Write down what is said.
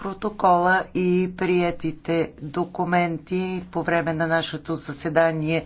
протокола и приетите документи по време на нашето заседание